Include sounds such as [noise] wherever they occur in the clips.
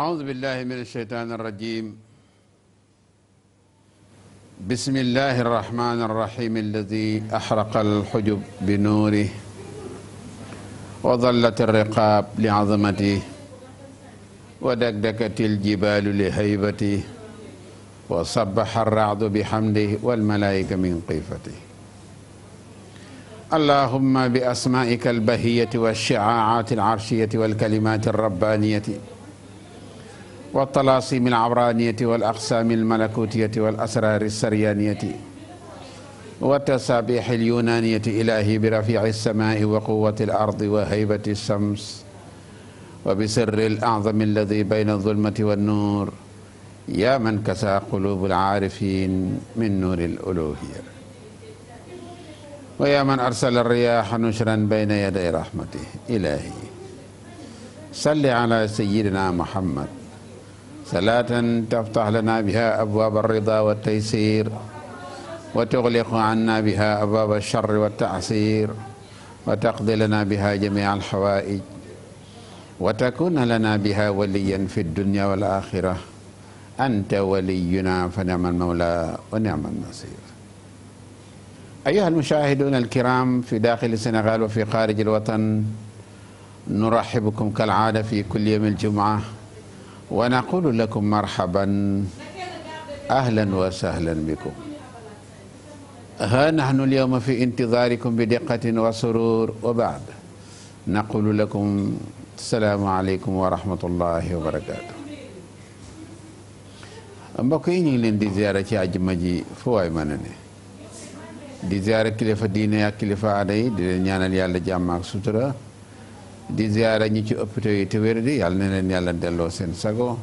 أعوذ بالله من الشيطان الرجيم بسم الله الرحمن الرحيم الذي أحرق الحجب بنوره وظلت الرقاب لعظمته ودكدكت الجبال لهيبته وصبح الرعد بحمده والملائكة من قيفته اللهم بأسمائك البهية والشعاعات العرشية والكلمات الربانية wa talaasim al abraniyati wal aqsaami al malakutiyati wal asraari saryaniyati wa tasaabiix al yunaaniyati ilaahi bi rafiici alsamaai wa quwati al ardi wa haybati alshams wa bi sirri al acdami alladi bayna alzulmati wannuur yaa man kasaa quluubu al caarifiin min nuuri al uluuhiya wa yaa man arsala riyaaxa nushran bayna yaday rahmatihi ilaahi salli ala sayyidina Muhammad salaatan taftax lana biha abwaaba alrida wa taysir wa tuxliqu anna biha abwaaba alcharri wa taasir wa taqdi lana biha jamia alxawaij wa takuna lana biha waliyan fi dunya wal axira anta waliyuna fa niama almawla wa niama alnasir ayoha almushahiduna alkiram fi daxili sénégal wa fi xaariji alwatan nuraxibukum kalaada fi kulli yawmi aljumca wa naqulu lakum marhaban ahlan wa sahlan bikum ha nahnu alyawma fi intidaarikum bi diqqatin wa surur wa baad naqulu lakum salaamu aleykum wa rahmatullahi wa barakaatu mbokk yi ñu ngi leen di ziyaara ci àjjuma ji fu waay mën a ne di ziyaara kilifa diine ak kilifa aada yi di leen ñaanal yàlla jàmm ak sutura di ziara ñi ci hôpitaux yi te wér di yàlla na leen yàlla delloo seen sago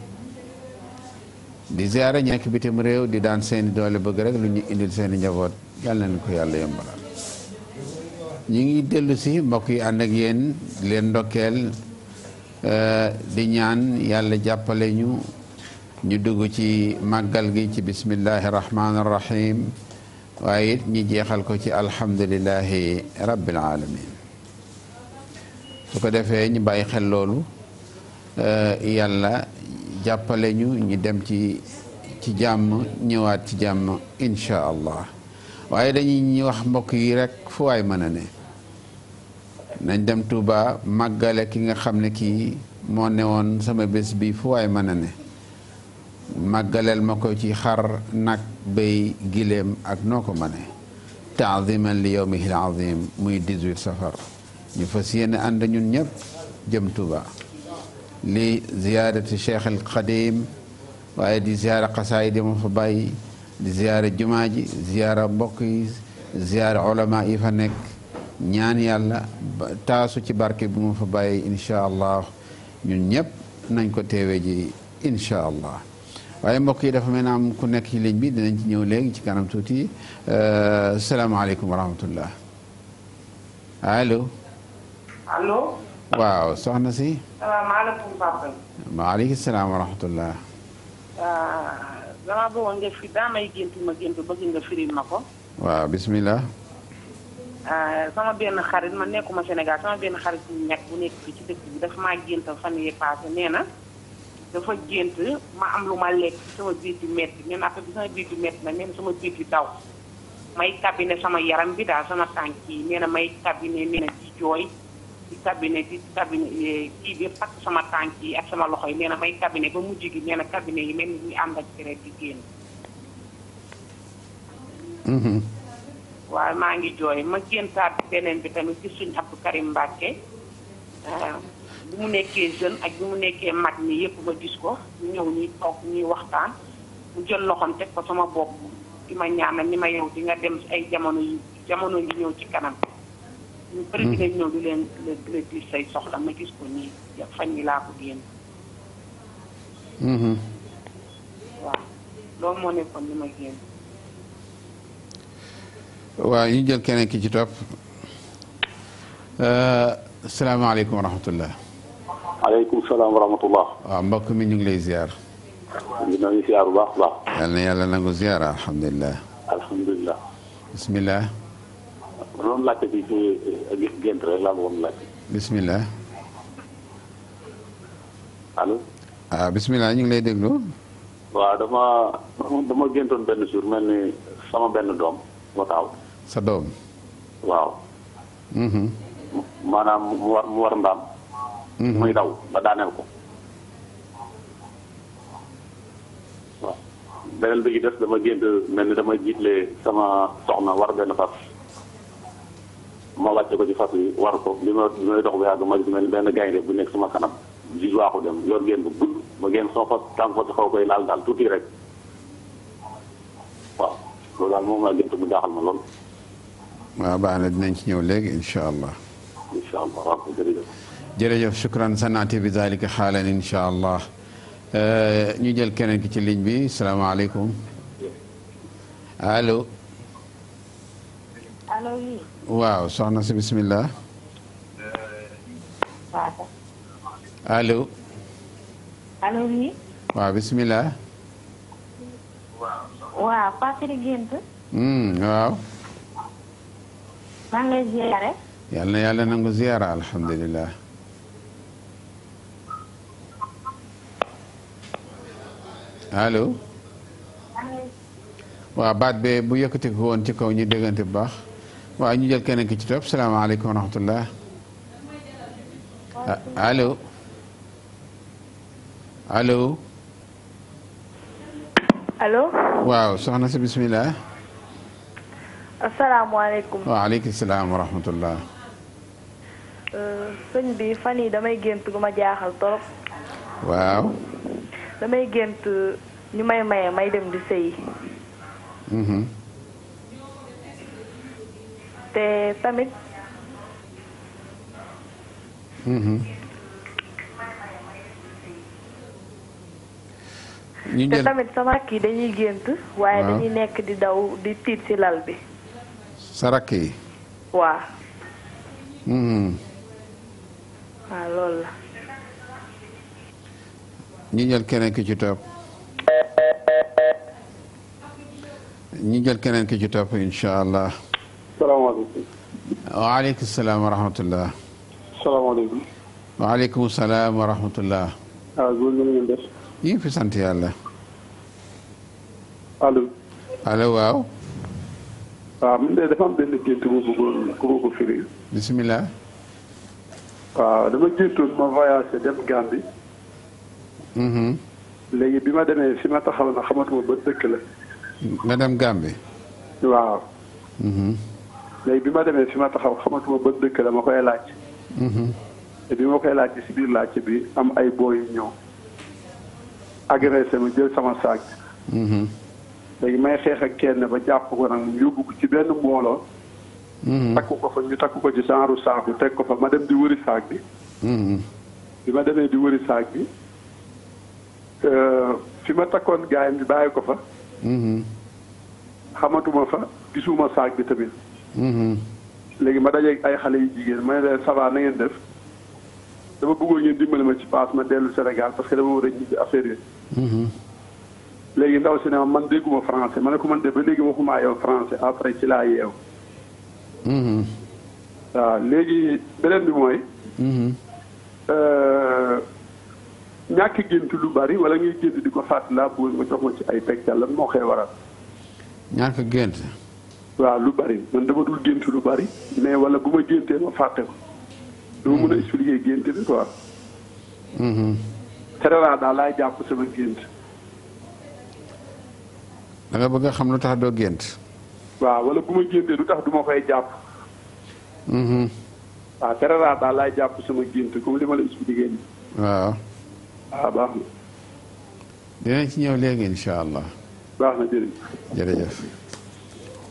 di ziara ñi nekk bitim réew di daan seeni doole bëgg rek lu ñu indil seeni njaboot yàlla na leen ko yàlla yombalal ñu ngi dellu si mbokk yi ànd ak leen ndokkeel eh, di ñaan yàlla jàppale ñu ñu dugg ci màggal gi ci bismillahi rahmaani rahim waaye it jeexal ko ci alhamdulilahi rabbil alamin su ko defee ñu bàyyi xel loolu euh, yàlla jàppale ñu ñu dem ci ci jàmm ñëwaat ci jàmm incha waaye dañuy wax mbokk yi rekk fu waay mën a ne nañ dem Touba màggale ki nga xam ne kii moo ne woon sama bés bi fu waay mën a ne màggaleel ma ko ci xar nag béy giléem ak noo ko mëne taaziman li yawmihi al muy 18 safar ñu fas yéene ànd ñun ñëpp jëm Touba li ziyaarati Cheikh al Xadim waaye di ziyaara xasaay di ma fa bàyyi di ziyaara jumaa ji ziyaara mbokk yi ziyaara olama yi fa nekk ñaan yàlla taasu ci barke bu ma fa bàyyi incha allah ñu ñëpp nañ ko teewe ji incha allah waaye mbokk yi dafa mel ne am ku nekk ci ligne bi dinañ ci ñëw léegi ci kanam tuuti euh, salaamaaleykum wa rahmatullah allo allo. waaw soxna si. salaamaaleykum ah, papa. maaleykum salaam wa ah, ma gént bëgg ah, sama benn xarit ma nekkuma Sénégal sama benn xarit bu ñàkk dafa gént fan lu ma sama biir bi metti nee sama biir bi daw may kabine sama yaram bi daal sama tànk yi nee na may kabine nee na jooy. ci cabinet di cabinet kii bi fàq sama tànk yi ak sama loxo yi nee na may cabinet ba mujj gi nee na cabinet yi mel ni ñuy ànd ak deret di génn. Mm-hmm. waaw maa ngi jooy ma géntaat beneen bi tamit ci suñ Abdou Karim Mbacke euh, bi mu nekkee jeune ak bi mu nekkee mag mi yëpp ma gis ko ñu ñëw nii toog ñuy waxtaan mu jël loxoom teg ko sama bopp di ma na ni ma yow di nga dem ay jamono yi jamono ngi ñëw ci kanam. ñu bëri mhm. dinañ ñëw di leen di leen di say soxla ma gis ko nii fan yi laa ko génn. Mhm. waaw loolu moo nekkoon li ma génn. waaw ñu jël keneen ki ci topp. Euh, salaamaaleykum wa rahmatullah. maaleykum salaam wa rahmatullah. waaw mbokk mi ñu ngi lay ziar. ñu ngi lay ziar bu baax a baax. yal na yàlla nangu ziar alhamdulilah. alhamdulilah. bismillah. ma doon laajte bi ci eh, gént rek laa bëggoon laajte. bisimilah. allo. ah bisimilah ñu ngi lay déglu. waaw dama dama géntoon benn jour mel ni sama benn doom ma taaw. sa doom. waaw. Mm-hmm. maanaam mu war mu war ndaam. Mm-hmm. muy daw ba daaneel ko. waaw beneen bi ci des dama gént mel ni dama jiitle sama na war benn fas. ma wàcce ko ci fas yi war ko li ma li may dox yàgg ma gis mel benn gaynde bu nekk sama kanam di waaxu dem yor ngeen bu gudd ma ngeen soo fas tànk fas xaw koy laal daal tuuti rek waaw loolu daal moom laa gënt mu jaaxal ma lool. ba baax na dinañ ci ñëw léegi incha allah. incha allah waaw jërëjëf. jërëjëf shukran sanaati bi zalika xaalan incha allah euh, ñu jël keneen ki ci ligne bi salaamaaleykum allo. waaw soxna si bisimilah. allo. allo oui. waaw bisimilah. waaw Fatou Gént. Hmm, waaw. maa ngi lay ziare. yàlla na yàlla nangu ziara alhamdulilah. allo. waaw baat be bu yëkkati ko woon ci kaw ñu déggante bu baax. waaw ñu jël keneen ki ci topp salaamaaleykum wa rahmatullah ah, allo allo. allo. waaw soxna si bisimilah. asalaamaaleykum. waaleykum salaam wa rahmatullah. Euh, sëñ bi fan yi damay gént gu ma jaaxal torop. waaw. damay gént ñu may maye may dem di sëyi. Mm-hmm. Ah. te tamit. ñu te tamit sama rakk yi dañuy gént. waaye dañuy nekk di daw di tiit ci lal bi. sa rakk yi. waaw. waaw loolu la. ñu jël keneen ki ci topp. ñu jël keneen ki ci topp incha allah. salaamaaleykum. waaleykum salaam wa rahmatulah. salaamaaleykum. waaleykum salaam wa rahmatulah. waaw ah, góor ñi ngeen def. ñu ngi fi sant yàlla. allo. allo waaw. waaw ah, man de dafa am benn gént bu ma bëggoon ku ma ko firi. bisimilah. waaw ah, dama géntoon ma voyagé dem Gambie. Mm-hmm. léegi bi ma demee fi ma taxaw na xamatuma ba dëkk la. nga dem Gambie. waaw. Mm-hmm. léegi bi ma demee fi ma taxaw xamatuma ba dëkk la ma koy laaj. Mhm. te bi ma koy laaj ci biir laaj bi am ay booy yu ñëw agressé ma jël sama saag. Mhm. léegi may xeex ak kenn ba jàpp ko nag yóbbu ko ci benn mbooloo. Mhm. takk ko fa ñu takk ko ci genre saaku teg ko fa ma dem di wëri saag bi. bi ma demee di wëri saag bi euh, fi ma takkoon gaayam bi bàyyi ko fa. xamatuma fa gisuma saag bi tamit. Mm-hmm. léegi ma dajeeg ay xale yu jigéen ma ne leen ça va ngeen def dama bëggoon ngeen dimbali ma ci paas ma dellu Sénégal parce que dama war a ñibbi affaire yi. Mm-hmm. léegi ndaw si ne ma man dégguma français ma ne ko man de ba léegi ma waxuma yow français après ci laa yeew. Mm-hmm. waaw léegi beneen bi mooy. Euh, ñàkk gént lu bari wala ngay gént di ko fàttali laa bëggoon nga jox ci ay tegtal la moo koy waral. ñàkk gént. waaw lu bari man dama dul gént lu bari mais wala bu ma géntee ma fàtte ko. du ma mën a hmm. expliquer gént bi quoi. Hmm. tere laa daal laay jàpp sama gént. da nga bëgg a xam lu tax doo gént. waa wala bu ma géntee lu tax du ma koy jàpp. Hmm. waaw tere daal laay jàpp sama gént comme li ma la expliquer nii. waaw. Ah, baax na. dinañ ci ñëw léegi incha allah. baax na jërëjëf. jërëjëf.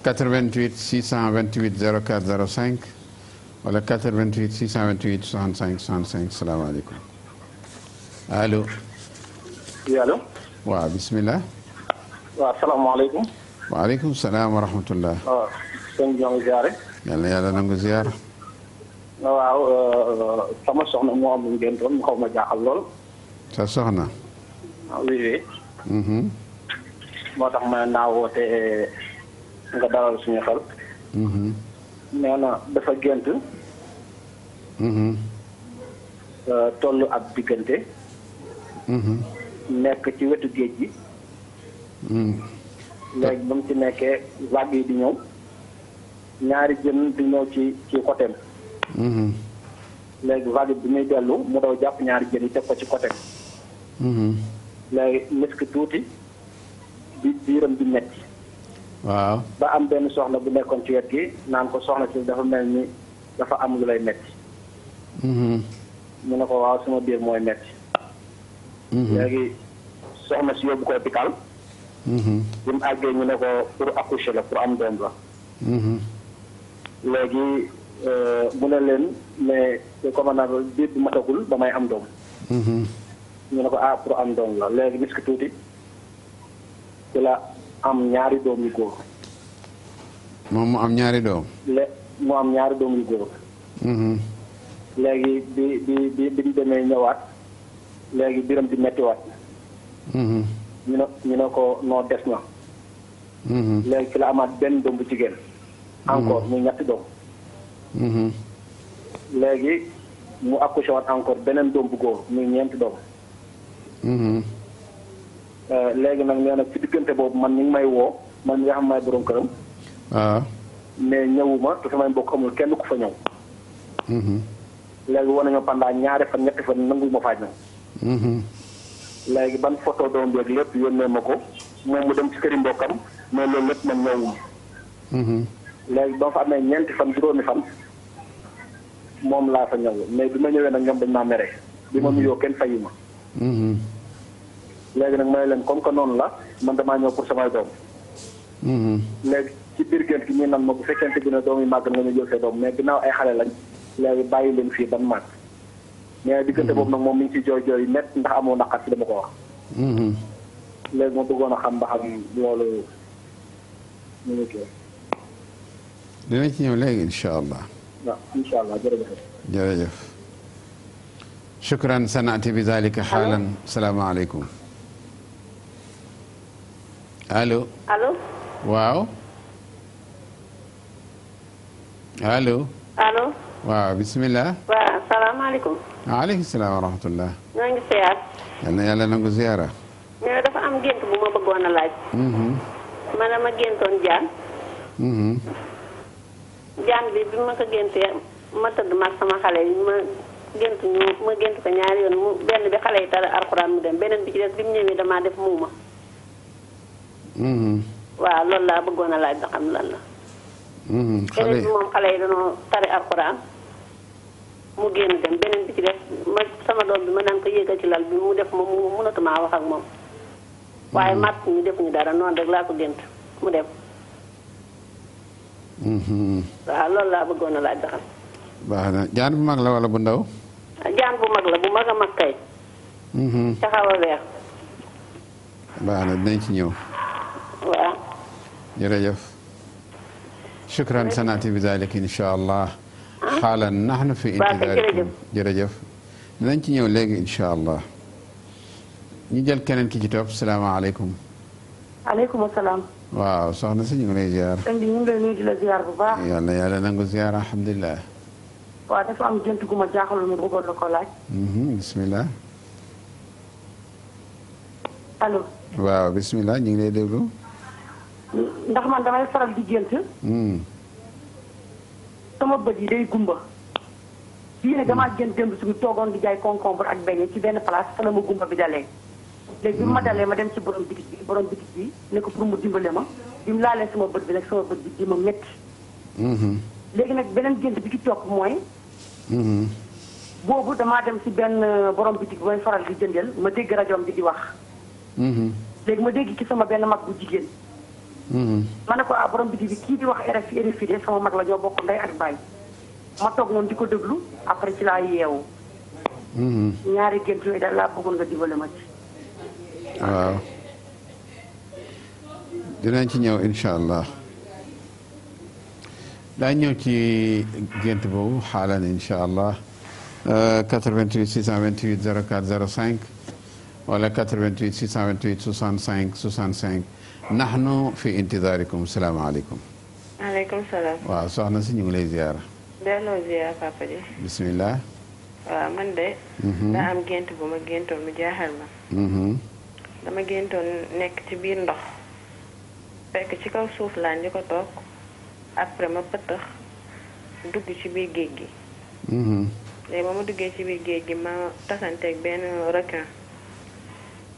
88 628 04 05 wala 88 628 65 65 salaamaaleykum allo. oui allo. waaw bisimilah. waaw salaamaaleykum. waaleykum salaam wa rahmatullah. waaw sëñ bi ñoo ngi ziare. yàlla yàlla na nga ziar. waaw euh, sama soxna moo am ngeen doon mu xaw ma jaaxal lool. sa soxna. oui oui. Mm-hmm. moo tax ma naa woote. nga dalal suñu xel. Mm-hmm. nee dafa gént. Mm-hmm. Euh, toll ab diggante. Mm-hmm. nekk ci wetu géej gi. léegi ba mu ci nekkee vagues yi di ñëw ñaari jën di ñëw ci ci côté vague bi muy dellu mu daw jàpp ñaari jën yi teg ko ci côté am. misk tuuti biiram di metti waaw ba am benn soxna bu nekkoon ci wet gi naan ko soxna si dafa mel ni dafa am lu lay metti mm-hmm. mu ne ko waaw suma biir mooy metti mm-hmm. léegi soxna si yóbbu ko hôpital mm-hmm. bi mu àggee ñu ne ko pour accoucher la pour am doom la léegi euh, mu ne leen mais comme naa biir bi matagul ba may am doom ñu ne ko ah pour am doom léegi bis tuuti ci la am ñaari doom yu góor. moom mu am ñaari doom. le mu am ñaari doom yu góor. Mm-hmm. léegi bi bi bi bi ñu demee ñëwaat léegi biram di mettiwaat mm-hmm. ñu ne ñu ne ko noo des na. Mm-hmm. léegi ci la amaat benn doom bu jigéen. encore muy ñetti doom. léegi mu accouché waat encore beneen doom bu góor muy ñeenti doom. Euh, léegi nag nee na ci diggante boobu man ni ngi may woo man nga xam maay borom këram. waaw. Ah. mais ñëwuma te samay mbokk amul kenn ku fa ñëw. Mm-hmm. léegi wane nañu pendant ñaari fan ñetti fan nanguwu ma faa mm-hmm. léegi ban photo doom beeg lépp yónnee ma ko moom mu dem ci këri mbokkam mais loolu lépp man ñëwuma. Mm-hmm. léegi ba fa amee ñeenti fan juróomi fan moom laa fa ñëw mais bi ma ñëwee nag ñoom dañ maa mere bi ma nuyoo kenn fayu ma. léegi nag may leen comme que noonu la man damaa ñëw pour samay doom. Mm-hmm. léegi ci biir gént gi ñu nan ma bu fekkente bi ne doom yi màgg na nga jël say doom mais ginnaaw ay xale lañ léegi bàyyi leen fii ban màgg mais diggante moom mm-hmm. nag moom mi ci jooy jooy net ndax amoo naqar ci dama ko wax. Mm-hmm. léegi ma bëggoon a xam ba xam loolu ñu ngi koy. dina ci ñëw léegi incha allah. waaw incha allah jërëjëf. jërëjëf. shukran sanaati bi zalika xaalan salaamaaleykum. allo allo. waaw. allo. allo. waaw bisimilah. waaw asalaamaaleykum. waaleykum salaam wa rahmatulah. ñoo ngi ziar. yal na yàlla nangu ziara. mais dafa am gént bu ma bëggoon a laaj. Mm-hmm. ma ne ma géntoon jaan. Mm-hmm. jaan bi bi ma ko géntee ma tëdd mag sama xale yi ma gént ñu ma gént ko ñaari yoon mu benn bi xale yi tara alxuraan mu dem beneen bi ci des bi mu ñëwee damaa def muuma. Mm-hmm. waaw loolu laa bëggoon a laaj ba xam lan la. Mm-hmm. beneen bi moom xale yi dañoo tari alxuraan mu génn dem beneen bi ci def ma sama doom bi ma naan ko yéegal ci lal bi mu def ma mu mënatumaa wax ak moom. Mm-hmm. waaye màtt ñu def ñu dara noonu rek laa ko gént mu dem. waaw loolu laa bëggoon laaj ba xam. jaan bu mag la wala bu ndaw. jaan bu mag la bu mag a mag kay. ca xaw a weex. baax na dinañ ci ñëw. jërëjëf shukran sanati bi zalik incha allah ah. xaalan nahnu fi intizaarikum jërëjëf dinañ ci ñëw léegi incha allah ñu jël keneen ki ci topp salaamaaleykum aleykum salaam waaw soxna si ñu ngi ziar indi ñu ngi yàlla yàlla nangu ziar alhamdulilah waaw dafa am jënt gu mhm, bisimilah waaw bisimilah ñu ngi lay déglu ndax man damay faral di gént. Hmm. sama bët yi day gumba. fii ne damaa gént démb suñu toogoon di jaay concombre ak beñe ci benn place fa la ma gumba bi dalee. léegi bi ma hmm. dalee ma dem ci borom bitig bi borom ko pour dimbale ma bi sama bët bi nag sama hmm. léegi nag beneen gént bi di topp mooy. boobu damaa dem si benn euh, borom bitig bi may faral di jëndeel ma dégg rajoom bi di wax. léegi ma dégg ci sama benn mag bu jigéen. ma ne ko ah borom kii di wax RFI RFI de sama mag la ñoo bokk ndey ak baay ma toog noonu di ko déglu après ci laa yeewu. ñaari gént yooyu daal laa bëggoon nga dimbale ma ci. waaw dinañ ci ñëw incha allah daa ñëw ci gént boobu xaalan incha allah 88 628 04 05 wala 88 628 65 65. nahnu fi intizaarikum salaamaaleykum. maaleykum salaam. waaw soxna si ñu ngi lay ziar. delloo ziar papa ji. bisimilah. waaw man de. Mhm. daa am gént bu ma géntoon mu jaaxal ma. Mhm. dama géntoon nekk ci biir ndox. fekk ci kaw suuf laa li ko toog après ma pëtëx dugg ci biir géej gi. Mhm. léegi ba ma duggee ci biir géej gi ma tasanteeg benn requin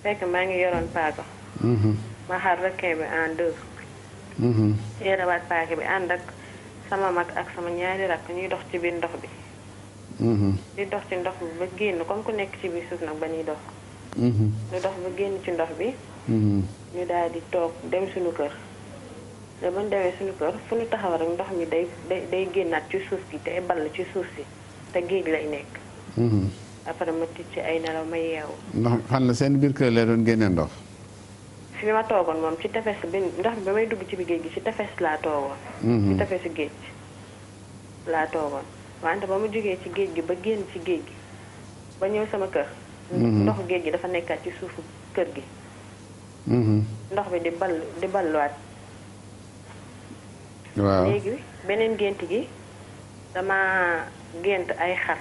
fekk maa ngi yoroon paaka. ma xar requin bi en deux. Mm-hmm. yéerewaat paaka bi ànd ak sama mag ak sama ñaari rakk ñuy dox ci biir ndox bi. Mm-hmm. di dox ci ndox bi ba génn comme ku nekk ci biir suuf nag ba ñuy dox. Mm-hmm. ñu dox ba génn ci ndox bi. ñu daal di toog dem suñu kër. te ba ñu demee suñu kër fu ñu taxaw rek ndox mi day day génnaat ci suuf gi te ball ci suuf si te géej lay nekk. après ma tiit ci ay nelaw ma yeewu. ndox xam na seen biir kër la doon génne ndox. fi ma toogoon moom ci tefes bi ndox dugg ci bi géej gi ci tefes laa toogoon. Mhm. ci tefesu wante ba mu jógee ci géej gi ba génn ci géej gi ba ñëw sama kër. Mhm. ndox géej gi dafa nekkaat ci suufu kër gi. Mhm. ndox bi di ball di balluwaat. waaw léegi beneen gént gi dama gént ay xar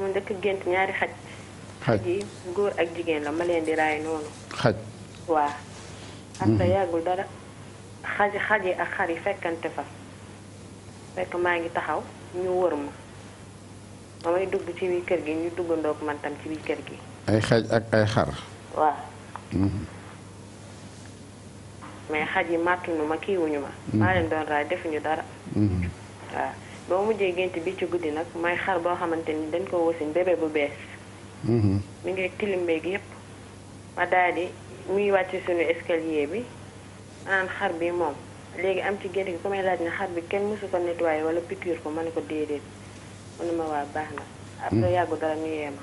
mu njëkk gént ñaari xaj. xaj yi góor ak jigéen la ma leen di raay noonu. xaj am mhm. na yàggul dara xaj xaj yi ak xar yi fekkante fa fekk maa ngi taxaw ñu wër ma ba may dugg ci biir kër gi ñu duggandoog man mantam ci biir kër gi. ay xaj ak ay xar. waaw. Mhm. mais xaj yi màttuñu ma kiiwuñu ma. Mhm. maa leen doon raay defuñu dara. waaw boo mujjee gént bi ci guddi nag may xar boo xamante ni dañ ko wasin bébé bu bees. mi ngi tilim beeg yépp ma daal muy wàcc suñu escalier bi a xar bi moom léegi am ci gént gi ku may laaj ne xar bi kenn mësu ko nettoyé wala piqûre ko ma ne ko déedéet mu ne ma waa baax na après hmm. yàggu dara mu yee ma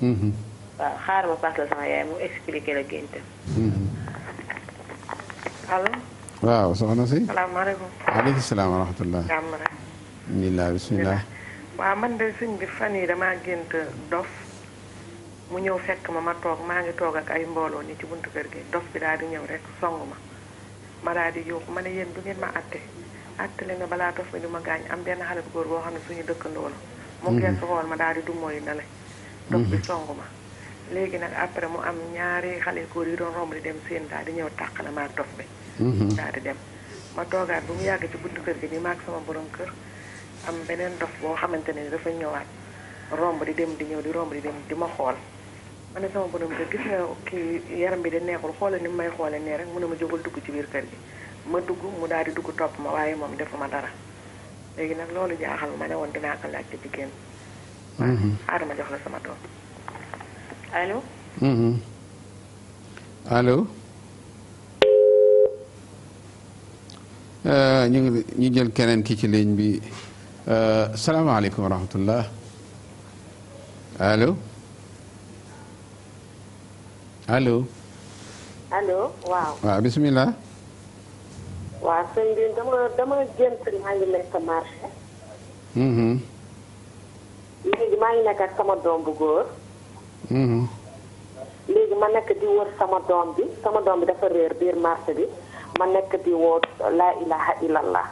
hmm. waaw xaar ma paas la sama yaay mu expliqué la géntam hmm. allo waaw soxna si salaamaaleykum aleykum salaam wa rahmatullah jàmm rek man de sëñ bi fan yi damaa gént dof mu ñëw fekk ma ma toog maa ngi toog ak ay mbooloo ni ci buntu kër gi dof bi daal di ñëw rek song ma ma daal di yuuxu ma ne yéen du ngeen ma atte atte leen ma balaa dof bi du ma gaañ am benn góor boo xam ne suñu dëkkandoo la mu mhm. gees ma daal di du mooy na le mhm. song ma léegi nag après mu am ñaari xale góor yi doon romb di dem séen daal di ñëw tàqale la maa dof bi mhm. daal di dem ma toogaat bu mu yàgg ci buntu kër gi ni ma ak sama borom kër am beneen dof boo xamante ne dafa ñëwaat romb di dem di ñëw di romb di dem di ma xool ma ne sama borom kër gis nga kii yaram bi de neexul xoola ni may xoole nee rek mu ne ma jógal dugg ci biir kër gi ma dugg mu daal di dugg topp ma waaye moom defuma dara léegi nag loolu jaaxal ma ne woon dinaa ko laaj ci jigéen xaaral allo allo ñu ngi ñu jël keneen ki ci ligne bi euh, salaamaaleykum wa rahmatullah allo allo. allo waaw. waaw bisimilah. waaw sëñ bi dama dama gént maa ngi nekk marché. Mm-hmm. léegi maa ngi nekk ak sama doom bu góor. Mm-hmm. léegi ma nekk di wër sama doom bi sama doom bi dafa réer biir marché bi ma nekk di woo laa ilaha illallah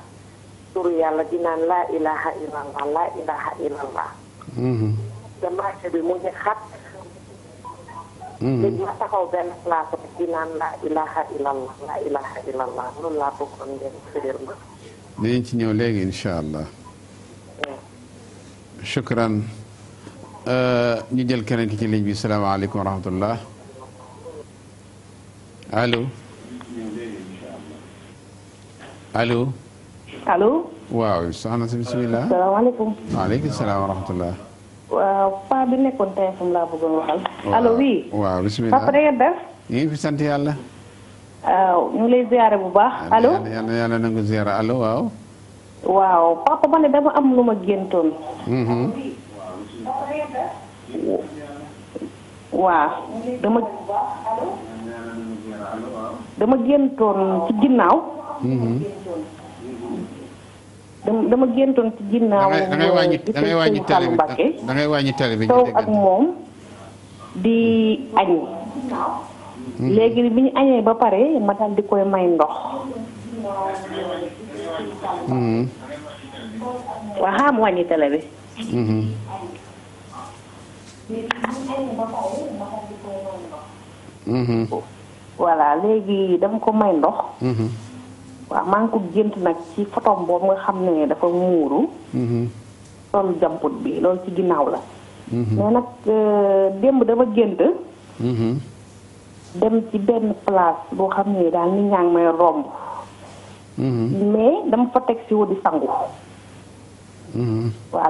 turu yàlla di naan laa ilaha illallah laa ilaha illallah. Mm-hmm. te marché bi mu ngi xat. léegi ma taxaw benn place rek di naan laa ilaha illallah laa ilaha illallah loolu laa bëggoon ngeen firil ma. dinañ ci ñëw léegi incha allah. shukran ñu eh, jël keneen ki ci ligne bi salaamaaleykum wa rahmatullah allo. allo. allo. waaw soxna si bisimilah. salaamaaleykum. waaleykum salaam wa rahmatullah. waaw paa bi nekkoon TFM laa bëggoon waxal. allo oui. waaw bisimilah papa da ngeen fi sant yàlla. waaw ñu lay ziare bu baax. allo yàlla yàlla nangu ziare waaw. waaw papa ma ne dama am lu ma géntoon. Mm-hmm. waaw dama. dama géntoon ci ginnaaw. Mm-hmm. dama géntoon ci ginnaaw. da ngay wàññi da bi da ak moom di añ. Hmm. léegi bi ñu añee ba pare ma daal di koy may ndox. Hmm. waaw xaam wàññi télé bi. Hmm. voilà léegi dama ko may ndox. waaw maa ngi ko gént nag ci photom boobu nga xam ne dafa muuru. sol mhm. jamput bi loolu ci ginnaaw la. Mhm. mais nag euh, démb dama gént. Mhm. dem ci benn place boo xam ne daal nit ñaa ngi may romb. mais dama fa teg si wu di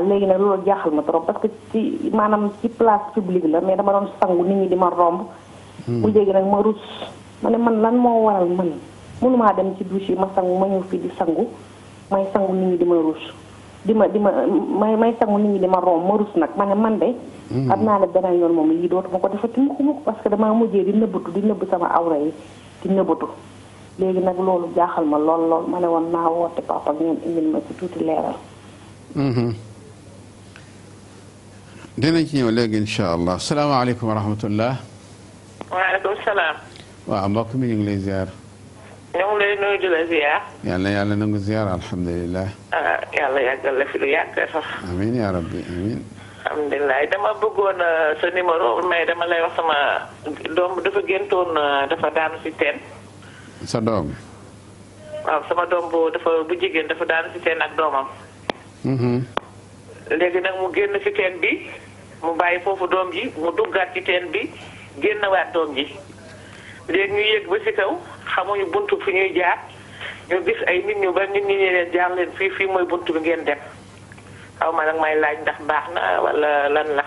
léegi nag loolu jaaxal ma trop parce ci maanaam ci place publique la mais dama doon sangu nit ñi di ma romb. bu léegi nag ma rus ma ne man lan moo waral man. mënumaa dem ci douche ma sangu ma ñëw fii di sangu may sangu nit ñi di ma ruus di ma ma may may sangu nit ñi di ma romb ma ruus nag ma ne man de. Hmm. am naa ne beneen yoon moom lii dootuma ko defati mukk mukk parce que damaa mujjee di nëbbatu di nëbb sama awra yi di nëbbatu. léegi nag loolu jaaxal ma lool lool ma ne woon naa woote papa ak ñoom indil ma ci tuuti leeral. Hmm. dinañ ci ñëw léegi incha allah salaamaaleykum wa rahmatullah. waaw mbokk mi ñu ngi lay ñoo ngi lay nuyu di la ziar. yàlla yàlla nangu ziar alhamdulilah. Ah, yàlla yàggal la fi lu yàgg sax. yaa rabbi amiin. alhamdulilah dama bëggoon ah, sa numéro mais dama lay wax sama doom dafa géntoon ah, dafa daanu si teen. sa doom. waaw sama doom bu dafa bu jigéen dafa daanu si teen ak doomam. Mm-hmm. léegi nag mu génn si teen bi mu bàyyi foofu doom ji mu duggaat ci teen bi génnawaat doom ji léegi ñu yéeg ba si kaw. xamuñu buntu fu ñuy jaar ñu gis ay nit ñu ba nit ñi ñu leen jaar leen fii fii mooy buntu bi ngeen dem xaw ma nag may laaj ndax baax na wala lan la.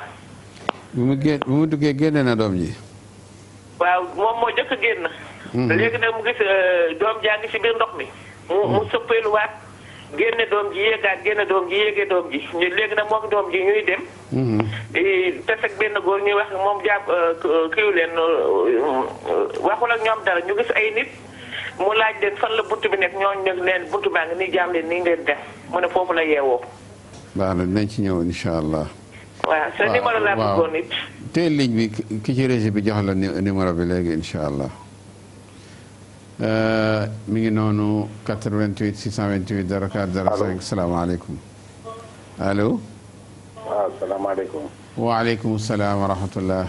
bu mu génn bu mu duggee génne na doom ji. waaw moom moo jëkk génn. Hmm. léegi nag mu gis euh, doom jaa ngi ci biir ndox mi. mu mu hmm. sëppeeluwaat. génne doom ji yéegaat génne doom ji yéegee doom ji léegi nag moom doom ji ñuy dem. Mhm. di tase benn góor ñuy wax moom jàpp euh, euh, kiiw leen euh, waxul ak ñoom dara ñu gis ay nit mu laaj leen fan la bunt bi nekk ñooñu nag leen bunt baa ngi nii jaam leen nii ngeen def mu ne foofu la yeewoo. baax na ci ñëw incha allah. waaw sa numéro laa bëggoon it. tey ligne bi ki ci régie bi jox la numéro bi léegi incha allah. Euh, mi ngi noonu 88 628 04 05 salaamaaleykum allo. waaw ah, salaamaaleykum. waaleykum salaam wa rahmatullah.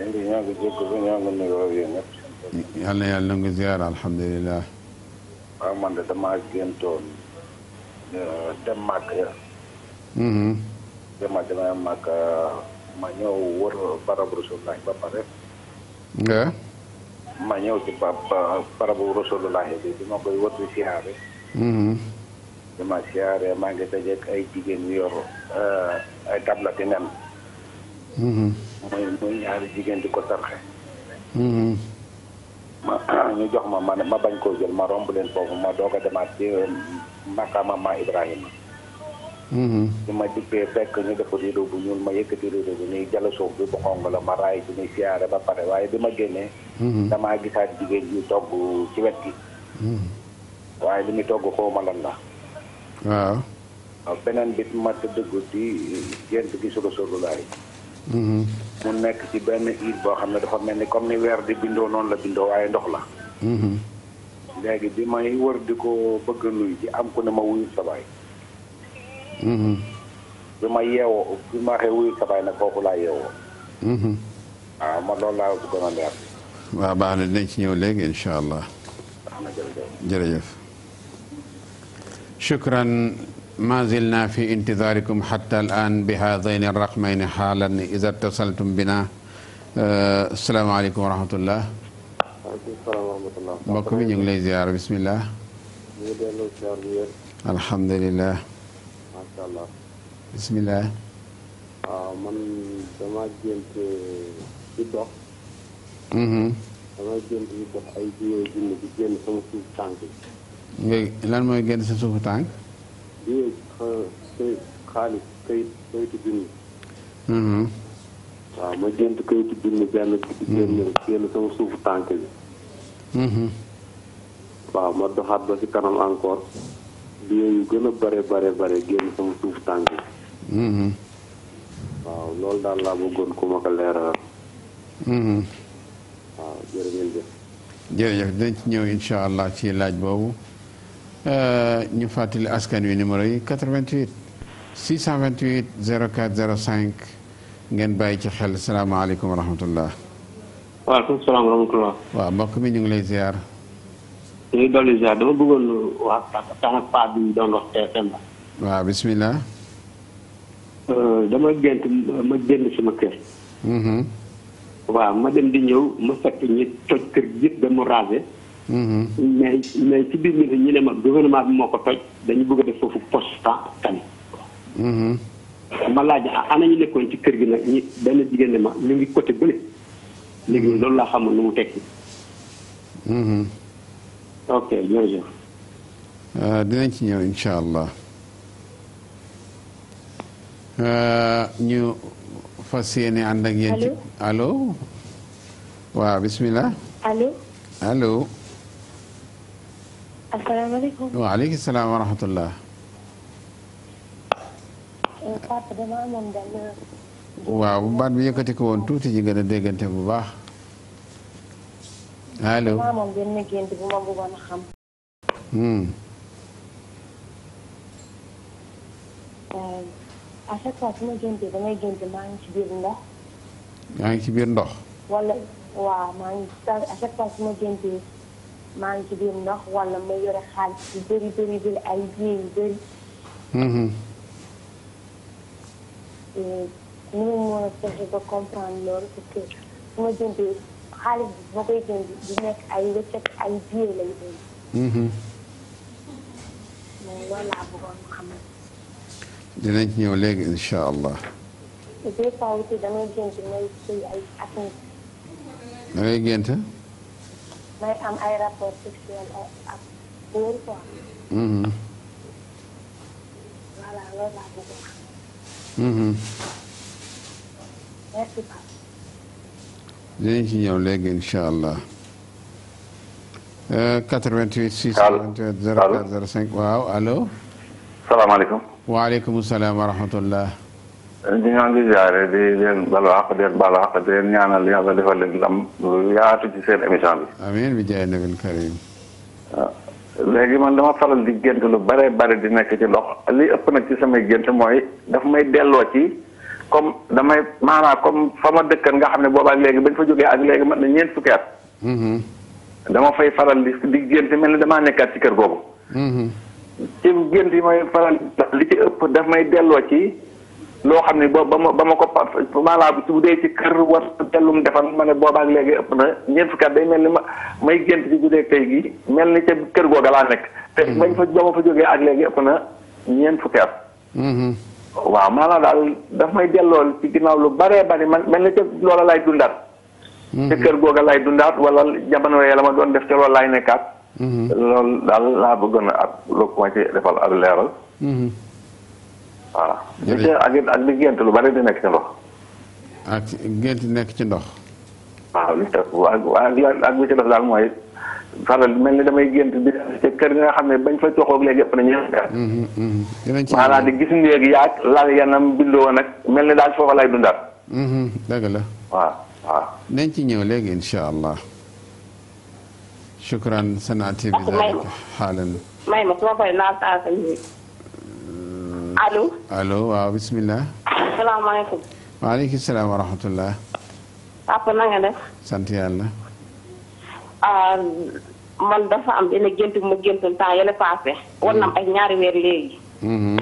yéen bi ñoo ngi jégalu ñoo ngi nuyoo yéen ñëpp. yal na yàlla nangu ziar alhamdulilah. waaw ah, man de damaa géntoon euh, dem màkk ya. Mm-hmm. dama demee màkk ma ñëw wër barabu Rasulullah ba pare. nga. ma ñëw ci ba barabu Rasulullah bi bi ma koy wëtu siyaare mm-hmm. bi ma siyaare maa ngi dajeeg ay jigéen yu yor eh, ay tablati nen mm-hmm. muy muy ñaari jigéen di ko tarxe mm-hmm. ma [coughs] ñu jox ma ma ma bañ koo jël ma romb leen foofu ma doog a demaat ci euh, makaama ma Ibrahima ñu ma dikkee fekk ñu def rido bu ñuul ma yëkkati rido bi nii jalasoob bi bu xong la ma raay bi ni siyaare ba pare waaye bi ma génnee mhm. damaa gisaat jigéen ji togg ci wet gi mhm. waaye li ñu togg xaw lan la waaw waaw beneen bit ma tëdd guddi gént gi solo solo laay mhm. mu nekk ci benn île boo xam ne dafa mel ni comme ni weer di bindoo noonu la bindoo waaye ndox la léegi bi may wër di ko bëgg nuyu ji am ku ne ma wuyu sa baay Mm-hmm. bi ma yeewoo bi ma waxee wuyu sa baay nag foofu laa yeewoo. waaw mm-hmm. ah, man loolu laa gën a leer. waaw baax na dinañ ci ñëw léegi incha allah. baax na jërëjëf jërëjëf. shukran ma zilna fi intidaarikum xatta al an bi haadayni raqmayni xaalan ida tasaltum bina uh, asalaamaaleykum wa rahmatullah. waaleykum salaam wa rahmatullah. mbokk mi ñu ngi lay ziar bismillah. ñu ngi delloo ziar bu wér. alhamdulillah. incha waaw ah, man damaa gént di dox. Mm-hmm. damaa gént ci dox génn sama suuf tànk yi. lan mooy génn sa suufu tànk. jiwee xaalis kayit kayitu junni. waaw mm-hmm. ah, ma mm-hmm. génn sama suufu tànk yi. waaw ma doxaat ba ci kanam encore. biir yu gën a bare bare bare génn sama suuf tànk mm-hmm. waaw loolu daal laa bëggoon ku ma ko leeralal mm-hmm. waaw jërë ngeen ci ñëw incha allah ci laaj boobu euh, ñu fàttali askan wi numéro yi 88 628 04 05 ngeen bàyyi ci xel salaamaaleykum wa rahmatullah waaleykum salaam wa rahmatullah waaw mbokk mi ñu ngi lay ziar di dolli ziar dama bëggoon wax tax ak bisimilah. dama gént ma génn sama kër. Mm-hmm. waaw ma dem di ñëw ma fekk ñi toj kër gi yëpp dama rasé. Mm-hmm. mais mais ci biir nit ne ma gouvernement bi moo ko toj dañu bëgg a def foofu poste tamit. Mm-hmm. ma laaj ana ñu nekkoon ci kër gi nag ñi benn jigéen ne ma ñu ngi côté bële léegi loolu laa xamul nu mu tekki. Euh, dinañ ci ñëw incha allah fa euh, fas yéene ànd ak yéen ci allo waaw bisimilah. allo allo. asalaamaaleykum. salaam wa rahmatullah. Euh, waaw baat bi yëkkati ko woon tuuti ji gën a déggante bu baax. allo maa moom benn gént bu ma bëggoon a xam. Hmm. Euh, à chaque fois ma géntee damay gént maa ngi ci biir ndox. maa ngi ci biir ndox. wala waaw maa ngi à chaque fois ma géntee maa ngi ci biir ndox wala ma yu bëri bëri bëri ay jiw yu bëri. Hmm. ni ma mën a fexe ba comprendre loolu parce que su ma xaalis bi moo koy jënd du nekk ay wëccëg ay biir lay doon. Mm-hmm. loolu laa bëggoon xam. dinañ ñëw léegi incha allah. des fois aussi damay gént may sëy ay at mi. da ngay gént. may am ay rapport sexuel ak góor quoi. Mm-hmm. voilà loolu laa bëggoon dinañ ci ñëw léegi incha allah. 88 628 04 05 waaw allo. salaamaaleykum. waaleykum salaam wa rahmatullah. di ñaan di jaare di leen balu àq di leen balu àq di leen ñaanal yàlla defal leen ndam lu yaatu ci seen émission bi. amiin bi jaay nabil karim. Euh, léegi man dama faral di gént lu bare bare di nekk ci ndox li ëpp nag ci samay gént mooy daf may delloo ci. comme damay maanaa comme fa ma dëkkan nga xam ne boobaak léegi bañ fa jógee ak léegi mën na ñeent fukki at mm-hmm. dama fay faral di di gént mel ni damaa nekkaat ci kër googu mm-hmm. ci gént yi may faral li ci ëpp daf may delloo ci loo xam ne boobu ba ma ba ma ko maanaam bu dee ci kër war dellum defan ma ne boobaak léegi ëpp na ñeent fukki day mel ni ma may gént ci guddee tey gi mel ni ca kër laa nekk bañ fa ba ma ak léegi ëpp na ñeent fukki at waaw maanaam daal daf may delloo ci ginnaaw lu baree bari man man na ca loola lay dundaat. Mhm. ca kër googa lay dundaat wala jamono yee la ma doon def ca loolu laay nekkaat. Mhm. loolu daal laa bëggoon ak loo ko ci defal ak leeral. Mhm. voilà. jërëjëf ak ak lu bari di nekk ci ndox. nekk ci ndox. waaw li ci ak li ci def daal mooy. faral mel ni damay gént di ci kër nga xam ne bañ fa toxoog léegi ëpp mm-hmm, mm-hmm. di gis néeg yaag lal yanam bindoo nag mel ni daal foofa lay dundaat mm-hmm, dëgg la ci ñëw léegi insha allah shukran sanaati bi dalika xaalan may ma suma pare naa taal sa musique allo allo waaw bismillah salaamaaleykum salaam wa rahmatullah papa na nga def sant Ah, man dafa am benn gént bu ma géntoon temps yële passé war na am mm-hmm. ay ñaari weer léegi. Mm-hmm.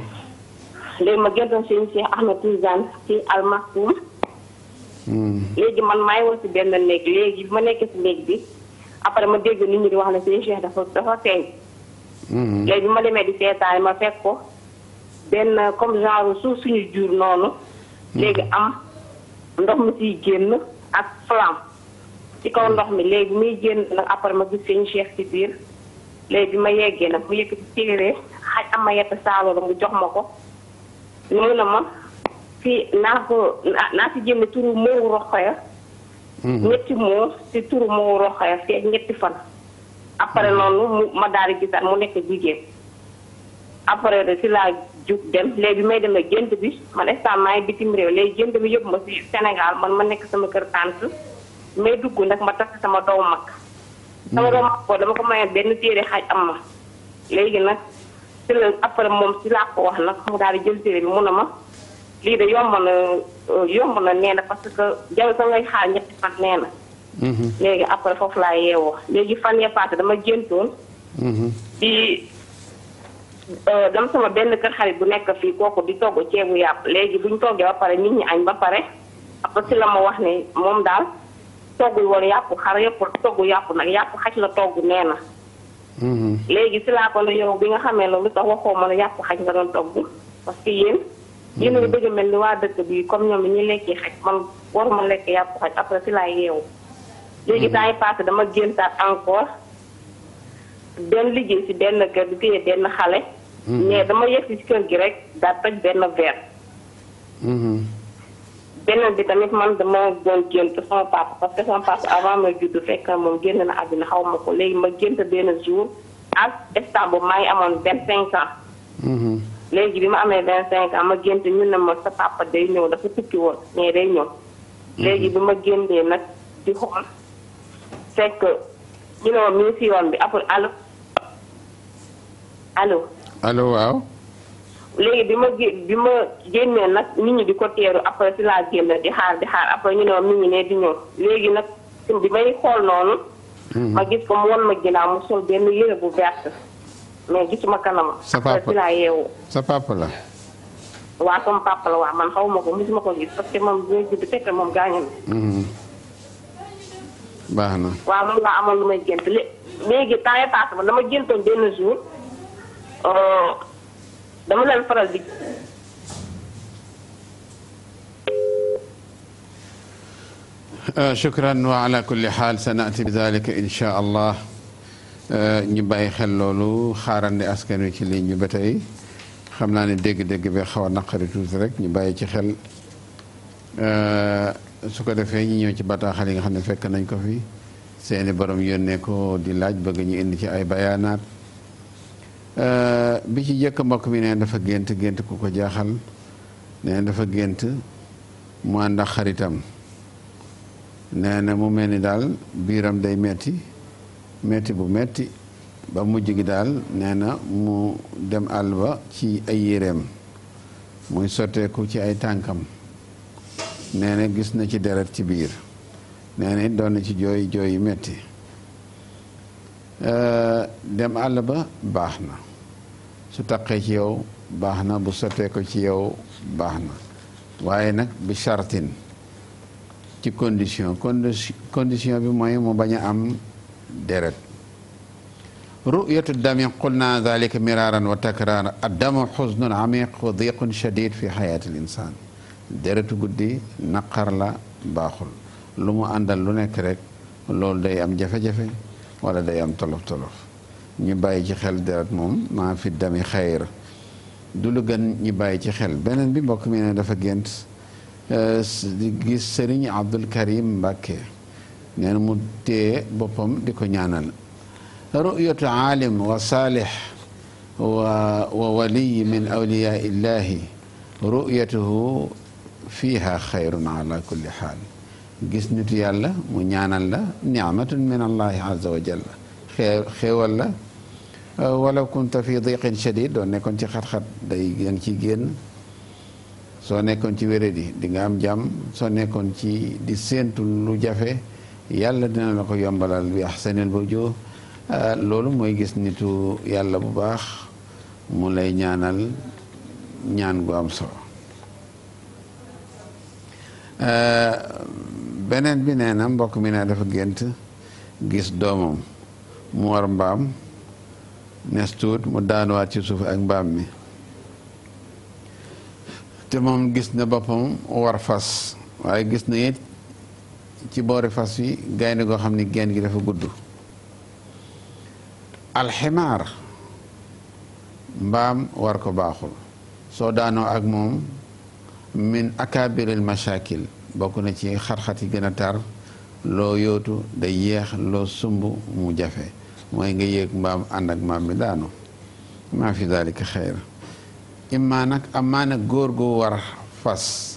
léegi ma géntoon sëñ Cheikh Ahmed Tidiane ci almakum. Mm-hmm. léegi man maay woon si benn néeg léegi bi ma nekkee si néeg bi après ma dégg ni ñi di wax ne sëñ Cheikh dafa dafa feeñ. léegi bi ma demee di seetaay ma fekk ko benn comme genre suuf suñu jur noonu. léegi am ndox mu ciy génn ak flamme. ci kaw ndox mi léegi bi muy génn nag après ma gis seen cheikh ci biir léegi bi ma yeggee nag mu yëkkati téere xaj am ma yett saalo la mu jox ma ko mu ne ma fii naa ko naa si jënd turu moowu roxoya mhm. ñetti moo si turu ñetti fan après mhm. noonu mu mu nekk jigéen après de si laa jug dem léegi bi may demee jënd bi man instant maa bitim réew léegi jënd bi yëpp ma si Sénégal man ma nekk sama kër tante may dugg nag ma takk sama doom mag. sama doom mag boobu dama ko mayoon benn téere xaaj am ma léegi nag ci la après moom ci laa wax nag mu daal di jël téere bi mun a ma lii na euh, yomb na parce que jaww sa ngay xaar mhm. léegi après foofu laa léegi fan yee dama géntoon. dam mhm. euh, sama benn kër bu nekk fii kooku di togg ceebu yàpp léegi bu ñu toggee pare nit ñi añ ba pare après ci wax ne moom daal. togg woon yàpp xar yëpp togg yàpp nag yàpp xaj la togg nee na. Mhm. léegi si laa ko la yow bi nga xamee la lu tax waxoo ma ne yàpp xaj la doon togg parce que yéen. a ngi mhm. bëgg mel ni waa dëkk bi comme ñoom ñi lekkee xaj man ma lekk yàpp xaj après si laay yeewu. Mhm. léegi temps yi passé dama géntaat encore benn liggéey si benn kër di téye benn xale. mais dama yegg si kër gi rek daa toj benn verre. beneen bi tamit man dama doon gént sama papa parce que sama papa avant ma juddu fekk moom génn na àddina xaw ma ko léegi ma génn benn jour ak instant boobu maa ngi amoon vingt cinq ans. Mhm. léegi bi ma amee vingt cinq ans ma gént ñu ne ma sa papa day ñëw dafa tukki woon mais day ñëw. Mhm. léegi bi ma génnee nag di xool fekk ñu ne woon mi ngi bi après allo allo. waaw. léegi bi ma gé- bi ma génnee nag nit ñi di ko teeru après si laa génn di xaar di xaar après ñu ne di ñëw léegi nag bi may xool mhm. ma gis ko mu won ma ginnaaw mu sol sa papa sa papa la. waa sama papa xaw ko mosuma ko gis que moom bi ma mhm. amoon lu may gént léegi temps yii passé ma dama géntoon benn jour. Euh, dama leen faral di. Euh, shukran wa ala kulli xaal sanaati bi euh, ñu bàyyi xel loolu xaarandi askan wi ci ligne bi ba tey xam naa ne dégg bi xaw a naqari rek ñu bàyyi ci xel euh, su ko defee ñu ñëw ci bataaxal yi nga xam ne fekk nañ ko fi seeni borom yónnee ko di laaj bëgg ñu indi ci ay bayaanaat Euh, bi ci jëkk mbokk mi neen dafa gént gént ku ko jaaxal neen dafa gént mu ànd xaritam nee na mu mel ni daal biiram day metti metti bu metti ba mu gi daal nee na mu dem àll ba ci ay yéreem muy sotteeku ci ay tànkam nee na gis na ci deret ci biir nee na it doon na ci jooy jooy yu metti Euh, dem àll ba baax na su taqee ci yow baax na bu sottee ko ci yow baax na waaye nag bi chartin ci condition condition bi mooy mu bañ a am deret ru'yatu dami qulna dalika miraran wa takraran addamu xuznun amiq wa diqun shadid fi xayaati l insan deretu guddi naqar la baaxul lu mu àndal lu nekk rek loolu day am jafe-jafe wala day am tolof tolof ñu bàyyi ci xel deret moom maa fi dami xayr du lu gën ñu bàyyi ci xel beneen bi mbokk mi ne dafa gént euh, gis sëriñ Abdul Karim Mbàkke nee na mu téye boppam di ko ñaanal ruyatu aalim wa saalix wa wa waliy min awliyaa illahi ruyatuhu fiiha xayrun ala kulli xaal gis nit yàlla mu ñaanal la nicmatun min allahi azza la euh, walla kunta fi diqin shadid doo nekkoon ci xat-xat day da ci génn soo nekkoon ci wéradi di nga am jàmm soo nekkoon ci di séentu lu jafe yàlla dina la ko yombalal bi ahsanil burjo euh, loolu mooy gis nitu yàlla bu baax mu lay ñaanal ñaan gu am solo euh, beneen bi nee mbokk mi ne dafa gént gis doomam mu war mbaam nes tuut mu daanuwaat ci suuf ak mbaam mi te moom gis na boppam war fas waaye gis na it ci boori fas yi gaynde goo xam ni geen gi dafa gudd alximaar mbaam war ko baaxul soo daanoo ak moom min akaabiril mashakil bokk na ci xarxat yi gën loo yootu day yéex loo sumb mu jafe mooy nga yéeg mbaam ànd ak maam mi daanu ma fi daalika xeyr immaa nag amaa nag góor gu war fas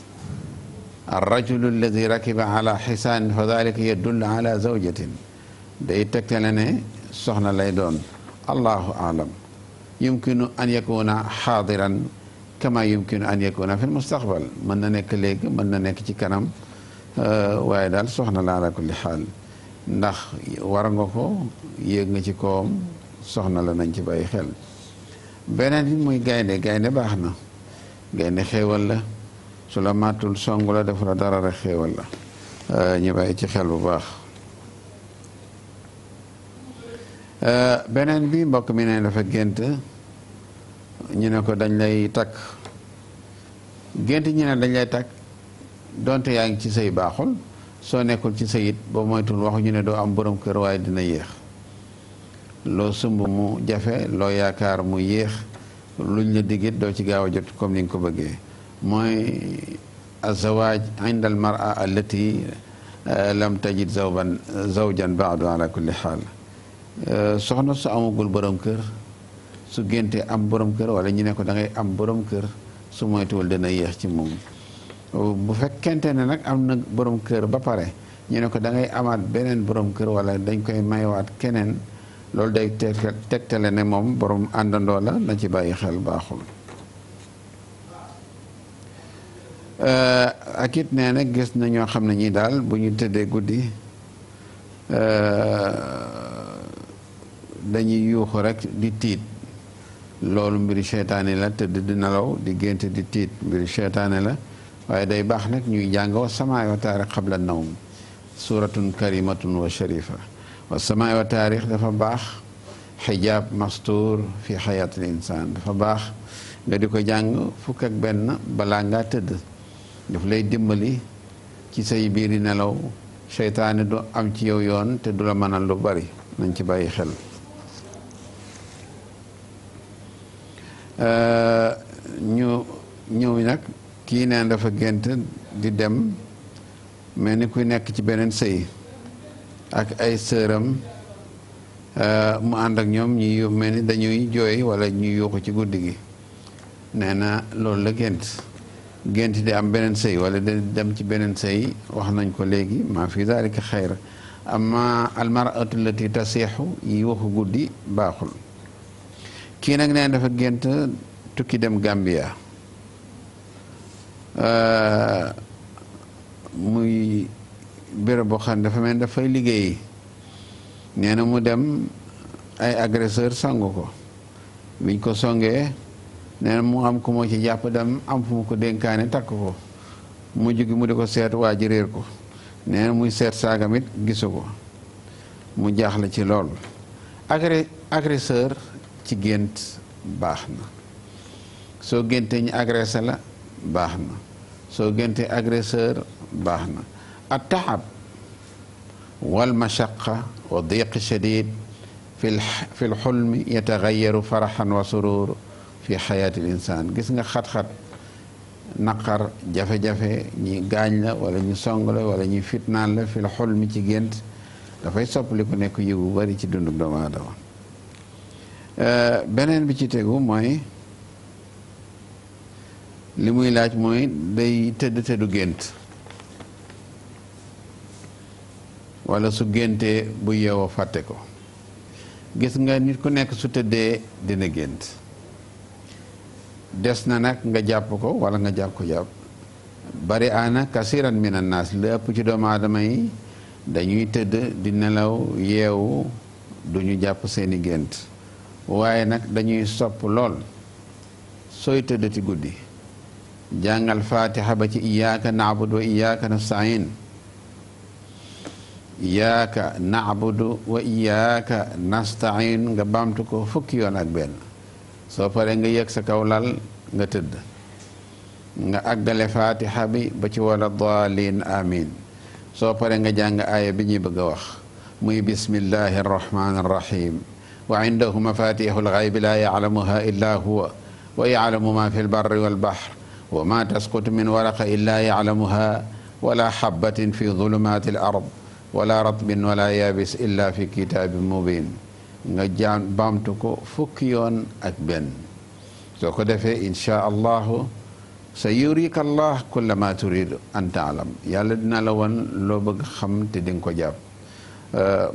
arrajulu alladi rakiba ala xisaan fa dalika yadullu ala zawjatin ne soxna lay doon an yakuna xaadiran kama yumkinu an yakuna fi mustaqbal mën na nekk léegi mën na nekk ci kanam waaye daal soxna la ala kulli xaal ndax war nga ko yéeg nga ci kawam soxna la nañ ci bàyyi xel beneen bi muy gaynde gaynde baax na gaynde xéewal la su la màttul song la defu la dara rek xéewal la ñu bàyyi ci xel bu baax beneen bi mbokk mi ne dafa gént ñu ne ko dañ lay takk gént ñu ne dañ lay takk donte yaa ngi ci sëy baaxul soo nekkul ci sëy boo ba moytul waxu ñu ne doo am borom kër waaye dina yéex loo sumb mu jafe loo yaakaar mu yéex luñ la digit doo ci gaaw a jot comme ni nga ko bëggee mooy azawaaj indal mara allati euh, lam tajid zawban baax baadu ala kulli xaal euh, soxna su amagul borom kër su géntee am borom kër wala ñu ne ko da ngay am boroom kër su moytuwul dana yéex ci moom bu fekkente ne nag am na boroom kër ba pare ñu ne ko da ngay amaat beneen borom kër wala dañ koy maywaat keneen loolu day tegtale ne moom borom àndandoo la na ci bàyyi xel baaxul ak it nee ne gis na ñoo xam ne ñi daal bu ñu tëddee guddi dañuy yuuxu rek di tiit loolu mbiri seytaane la tëdd di nelaw di gént di tiit mbiri seytaane la waaye day baax nag ñuy jàng wa samaay wa taarix xabla nawm suratun karimatun wa sharifa wa samaay taarix dafa baax xijaab mastuur fi xayaat xayaatil insaan dafa baax nga di ko jàng fukk ak benn balaa ngaa tëdd daf lay dimbali ci say yi nelaw seytaane du am ci yow yoon te du la mënal lu bari nañ ci bàyyi xel Euh, ñu ñëw nag kii neen dafa gént di dem mel ni kuy nekk ci beneen sëy ak ay sëram euh, mu ànd ak ñoom ñuy yuux mel ni dañuy jooy wala ñuy yuuxu ci guddi gi nee na loolu la gént gént di am beneen sëy wala di dem ci beneen sëy wax nañ ko léegi maa fi daalika xayr amma almaratu allati yi yuuxu guddi baaxul kii nag nee dafa gént tukki dem gàmbiya uh, muy béréb boo xam ne dafa mel dafay liggéeyi nee na mu dem ay agresseur sangu ko biñ ko songee nee mu am ku moo ci jàpp dem am fu mu ko dénkaane takk ko mu jugi mu di ko seet waa ji réer ko nee muy seet saagamit gisu ko mu jaaxle ci lool agresseur ci gént baax na soo génte ñu agressé la baax na soo génte agresseur baax na at wal machaqa wa diq shadid fi fi l xulmi yetagayaru gis nga xat naqar jafe-jafe ñi gaañ la wala ñu song la wala ñu fitnaan la fi l xulmi ci gént dafay soppali ku nekk yiw bu bari ci dundug doomu aadama Euh, beneen bi ci tegu mooy li muy laaj mooy day tëdd te du gént walla su géntee bu yeewoo fàtte ko gis nga nit ku nekk su tëddee dina gént des na nag nga jàpp ko wala nga jàpp ko jàpp bari aana kasiran mina naas li ëpp ci doomu aadama yi dañuy tëdd di nelaw yeewu du ñu jàpp seeni gént waaye nag dañuy sopp lool sooy tëddati guddi jàngal faatixa ba ci iyaaka naabudu wa iyaaka nastain iyaaka naabudu wa iyaaka nastain nga baamtu ko fukki yoon ak benn soo paree nga yëg sa kaw lal nga tëdd nga àggale faatixa bi ba ci wala daalin amin soo paree nga jàng aaya bi ñuy bëgg a wax muy bismillahi arrahmani arrahim wa indahu mafatixu lxaybi laa yaclamuha illa huwa wa yaclamu ma fi lbarri walbaxr wa ma tasqutu min waraqa illa yaclamuha wala xabatin fi dulumaati l ard wala ratbin wala yaabis illa fi kitaabin mubin nga jaan baamtu ko fukki yoon ak benn soo ko defee inchaa allahu sa yurika allah kulla ma turidu an taalam yàlla dina la won loo bëgg xam te di nga ko jàpp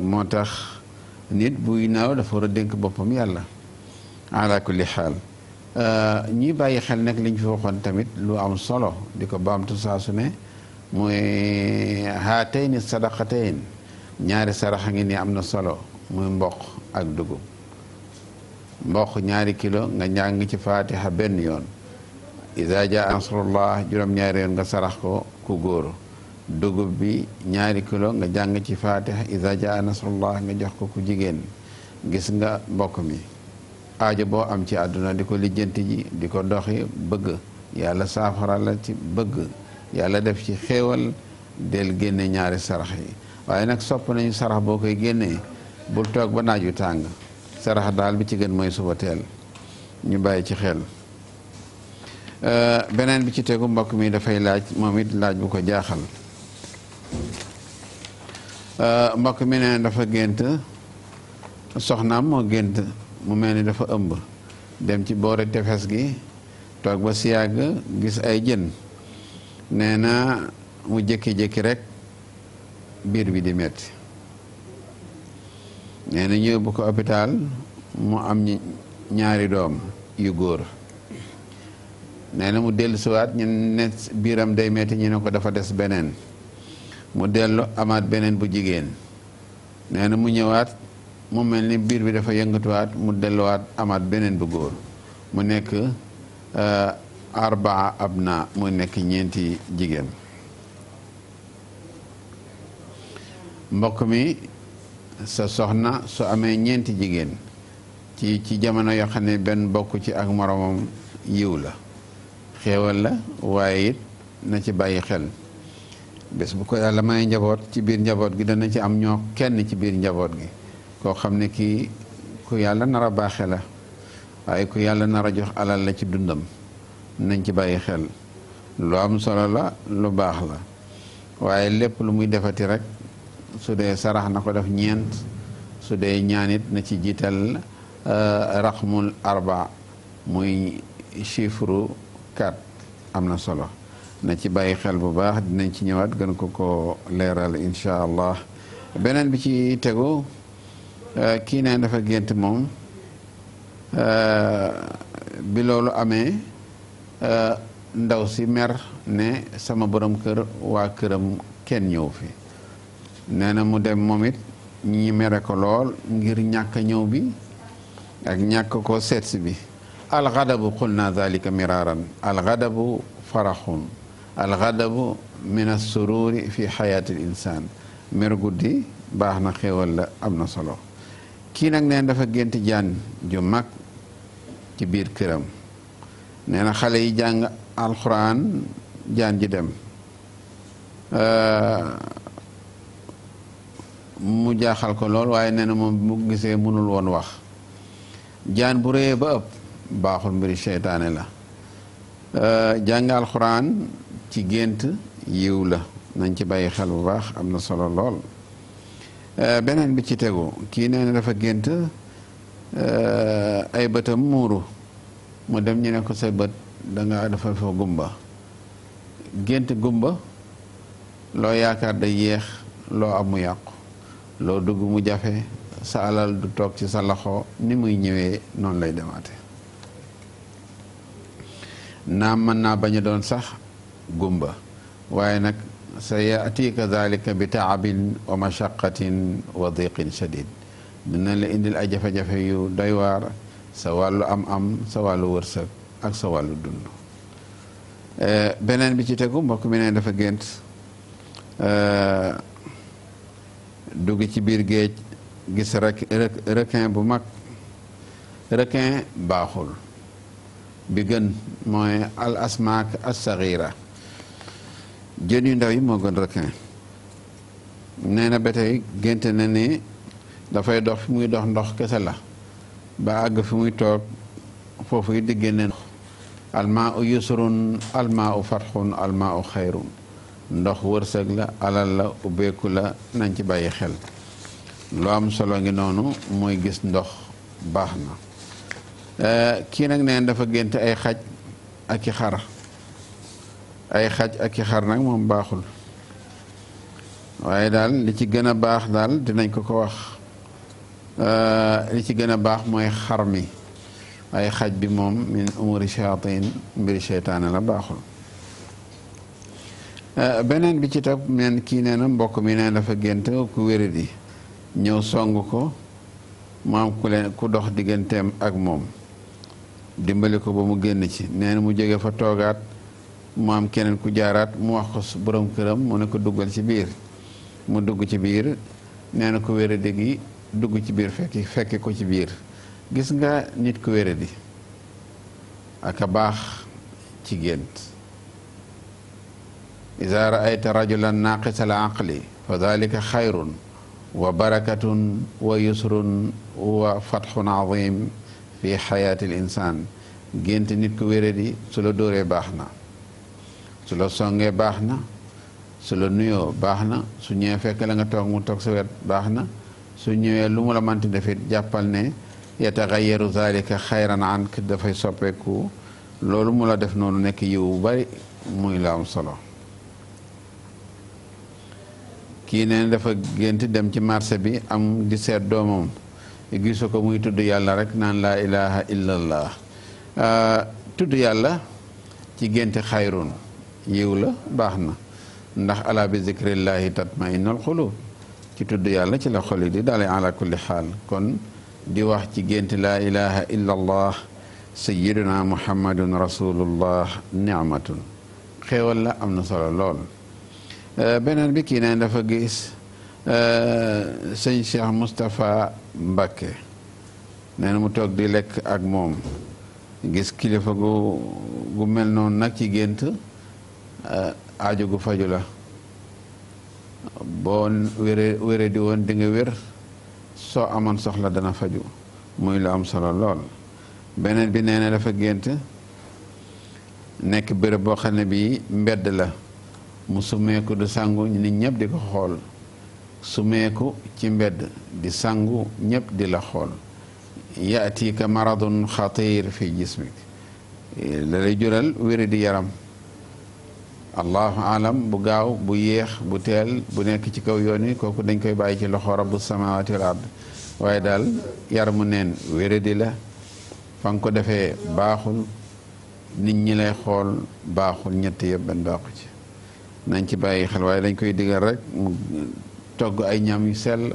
moo tax nit buy naaw dafa war a dénk boppam yàlla ala kulli xaal euh, ñi bàyyi xel nag liñ fi waxoon tamit lu am solo di ko baamtu saa su ne muy haatayni sadaqatayn ñaari sarax ngi ni am na solo muy mboq ak dugub mboq ñaari kilo nga ngi ci faatiha benn yoon iza jaa nasrullah juróom-ñaari yoon nga sarax ko ku góor dugub bi ñaari kilo nga jàng ci faatiha iza jaa nasrullah nga jox ko ku jigéen gis nga mbokk mi aajo boo am ci àdduna di ko lijjanti ji di ko doxi bëgg yàlla saafara la ci bëgg yàlla def ci xéewal del génne ñaari sarax yi waaye nag sopp nañu sarax boo koy génnee bul toog ba naaj wi tàng sarax daal bi ci gën mooy suba teel ñu bàyyi ci xel euh, beneen bi ci tegu mbokk mi dafay laaj moom it laaj bu ko jaaxal Euh, mbokk mi ne dafa gént soxnaam moo gént mu mel ni dafa ëmb dem ci boore tefes gi toog ba si yàgg gis ay jën nee na mu jékki-jékki rek biir bi di metti nee na ñëw bu ko hôpital mu am ñaari doom yu góor nee na mu dellusiwaat ñu ne biiram day metti ñu ne ko dafa des beneen mu dellu amaat beneen bu jigéen nee na mu ñëwaat mu mel ni biir bi dafa yëngatuwaat mu delluwaat amaat beneen bu góor mu nekk euh, arbaa naa mu nekk ñeenti jigéen mbokk mi sa soxna su amee ñeenti jigéen ci ci jamono yoo xam ne benn bokk ci ak moroomam yiw la xéewal la waaye it na ci bàyyi xel bés bu ko yàlla may njaboot ci biir njaboot gi dana ci am ñoo kenn ci biir njaboot gi koo xam ne kii ku yàlla nar a baaxe la waaye ku yàlla nar a jox alal la ci dundam nañ ci bàyyi xel lu am solo la lu baax la waaye lépp lu muy defati rek su dee sarax na ko def ñeent su dee ñaanit na ci jiital euh, raxmul arba muy chiffre kat am na solo na ci bàyyi xel bu baax dinañ ci ñëwaat gën ko ko leeral incha allah beneen bi ci tegu euh, kii ne dafa gént moom euh, bi loolu amee euh, ndaw si mer ne sama boroom kër waa këram kenn ñëw fi nee na mu dem moom it ñi mere ko lool ngir ñàkk ñëw bi ak ñàkk ko seetsi bi alxadabu xul naa zalika miraaran alxadabu faraxun alxadabu min assururi fi xayaati insaan mer guddi baax na xéewal la am na solo kii nag neen dafa gént jaan ju mag ci biir këram nee na xale yi jàng alxuraan jaan ji dem mu jaaxal ko lool waaye nee na moom gisee mënul woon wax jaan bu réyee ba ëpp baaxul mbiri seytaane la jàng alxuraan ci gént yiw la nañ ci bàyyi xel bu baax am na solo lool euh, beneen bi ci tegu kii nee na dafa gént euh, ay bëtam muuru mu dem ñu ne ko say bët danga dafa fa gumba gént gumba loo yaakaar day yéex loo am mu yàqu loo dugg mu jafe sa alal du toog ci sa loxo ni muy ñëwee noonu lay demaate naam mën naa bañ a doon sax gumba waaye nag sa yaatika dalika bi taabin wa mashaqatin wa diqin shadid dina la indil ay jafe-jafe yu doy sa wàllu am-am sa wàllu wërsëg ak sa wàllu dund eh, beneen bi ci tegu mbokk mi ne dafa gént eh, dugg ci biir géej gis rek bu mag requin baaxul bi gën mooy al asmaak jën yu ndaw yi moo gën requin nee na ba tey gént na ni dafay dox fi muy dox ndox kese la ba àgg fi muy toog foofu yi di génne almaa u yusrun almaa u fatxun almaa ndox wërsëg la alal la ubbeeku la nañ ci bàyyi xel loo am solo ngi noonu mooy gis ndox baax na eh, kii nag neen dafa gént ay xaj ak i xara ay xaj ak i xar nag moom baaxul waaye daal li ci gën a baax daal dinañ ko ko wax euh, li ci gën a baax mooy xar mi ay xaj bi moom min umuri shayatin mbiri seytaane la baaxul euh, beneen bi ci teg neen kii nee na mbokk mi neen dafa gént ku wéradi ñëw song ko maam ku leen ku dox digganteem ak moom dimbali ko ba mu génn ci nee mu jege fa toogaat mu am keneen ku jaaraat mu wax ko borom këram mu ne ko duggal ci biir mu dugg ci biir nee na ko wéradi gi dugg ci biir fekki ko ci biir gis nga nit ku wéradi ak a baax ci gént iza raayta rajulan naaqisal aqli fa dalika xayrun wa barakatun wa yusrun wa fatxun azim fi xayaati l gént nit ku wéradi su la dóoree baax na su la songee baax na su la nuyoo baax na su ñëwee fekk la nga toog mu toog sa wet baax na su ñëwee lu mu la manti defit jàppal ne yataxayaru zalika xayran ank dafay soppeeku loolu mu la def noonu nekk yiw bu bari muy la am solo kii nee dafa gént dem ci marché bi am di seet doomam gisu ko muy tudd yàlla rek naan laa ilaha illallah ah, tudd yàlla ci génti xayrun yiw la baax na ndax ala bi zikrillahi tatma innal xulub ci tudd yàlla ci la xol yi di daale ala kulli xaal kon di wax ci gént laa ilaha illa allah sayiduna muhammadun rasulullah nicmatun xéewal la am na solo lool euh, beneen bi kii ne dafa gis euh, sëñ Cheikh mustafa Mbakke nee na mu toog di lekk ak moom gis kilifa gu gu mel noonu nag ci gént Eh, ajo gu faju la boo wéree wéree woon di wér soo amoon soxla dana faju muy lu am solo lool beneen bi nee na dafa gént nekk bërëb boo xam ne bii mbedd la mu sumeeku du sangu nit ñëpp di ko xool sumeeku ci mbedd di sangu ñépp di la xool yaatika maradun xatir fi jismik eh, la dalay jural wéri di yaram allahu alam bu gaaw bu yéex bu teel bu nekk ci kaw yoon wi kooku dañ koy bàyyi ci loxo rabbu samawati wal ard waaye daal yar mu neen wéradi la fa ko defee baaxul nit ñi lay xool baaxul ñett yëpp benn ci nañ ci bàyyi xel waaye dañ koy digal rek mu togg ay ñam yu sell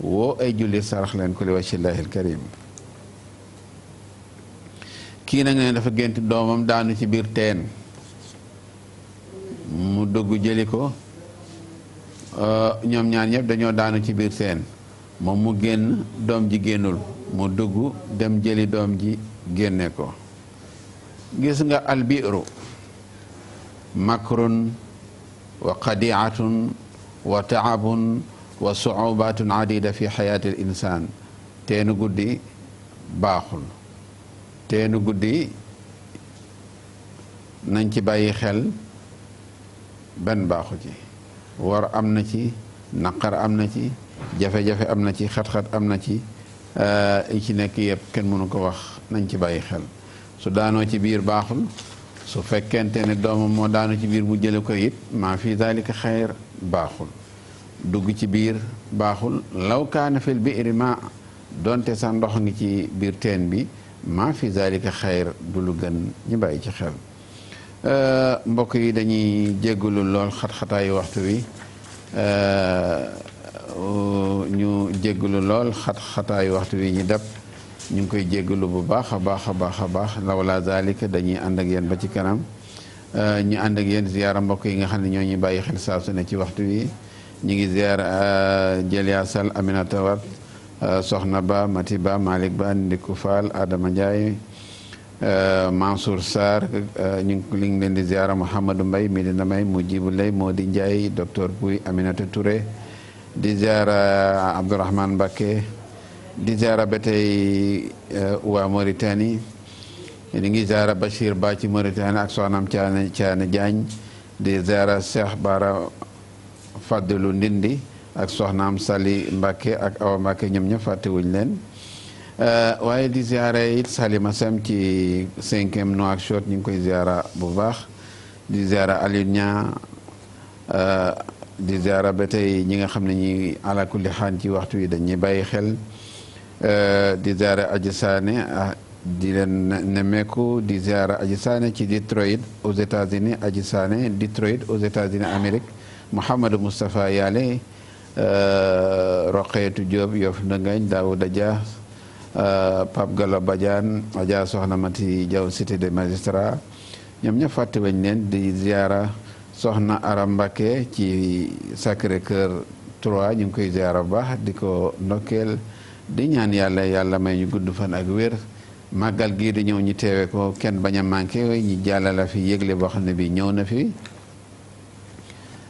woo ay jullit sarax leen ko li wajhillahil karim kii nag ne dafa gént doomam daanu ci biir teen dugg jëli ko euh, ñoom ñaar ñëpp dañoo daanu ci biir seen moom mu génn doom ji génnul mu dugg dem jëli doom ji génne ko gis nga albiru makrun wa qadiatun wa taabun wa suubatun adida fi xayaati l insan teenu guddi baaxul teenu guddi nañ ci bàyyi xel benn baaxu ci war am na ci naqar am na ci jafe-jafe am na ci xat-xat am na ci eh, yi ci nekk yëpp kenn mënu ko wax nañ ci bàyyi xel su daanoo ci biir baaxul su fekkente ne doomam moo daanoo ci biir mu jële ko it maa fi dalika xayr baaxul dugg ci biir baaxul law kaana fil bi'ri ma donte sa ndox ngi ci biir teen bi maa fi dalika xayr du lu gën ñu bàyyi ci xel Euh, mbokk yi dañuy jéggalu lool xat-xataayu waxtu wi euh, ñu jéggalu lool xat-xataayu waxtu wi ñu dab ñu ngi koy jéggalu bu baax a baax a baax a baax lawla zalika dañuy ànd ak yéen ba ci kanam euh, ñu àndak ak yéen ziyaara mbokk yi nga xam ne ñoo ñu bàyyi xel saa ne ci waxtu wi ñu ngi ziyaara Jëlia Sall aminate Wat Soxna Ba Mati Ba Malick Ba Ndiku Fall Adama Ndiaye Euh, Mansour sar euh, ñu ngi li ngi leen di ziara Mouhamadou Mbaye Medina May Mujibou Lay Mody Ndiaye docteur Pouy Aminata Touré di ziara Abdourahmane mbake di ziara ba tey euh, waa Mauritanie ngi ziara Bachir baci ci Mauritanie ak soxnaam Thiané Thiané Diagne di ziara Cheikh Bara Fadlu Ndindi ak soxnaam Sali Mbacké ak Awa Mbacké ñoom ñëpp fàttewuñ leen Euh, waaye di ziare Salima Sam ci cinquième Nouakchott ñu ngi koy ziara bu baax di ziara Alioune Niang euh, di ziara ba tey ñi nga xam ne ñi ala kulli xaan ci waxtu wi dañuy bàyyi xel euh, di ziara Adji Sané ah, di leen di ziara Adji Sané ci Detroit aux États-Unis Adji Sané Detroit aux États-Unis Amérique Mouhamadou Moustapha Yale Roqeetu Diop Yof Ndagañ Daouda Dia Euh, Pape galo Badiane Adja Soxna Mati Diaw cité de magistrats ñoom ñëpp fàtte weñ leen di ziara Soxna Aram Mbacké ci Sacré Cœur 3 ñu ngi koy ziara bu baax di ko ndokkeel di ñaan yàlla yàlla may ñu gudd fan ak wér màggal gii di ñëw ñu teewe ko kenn bañ a manqué ñu jàllale fi yëgle boo xam ne bi ñëw na fi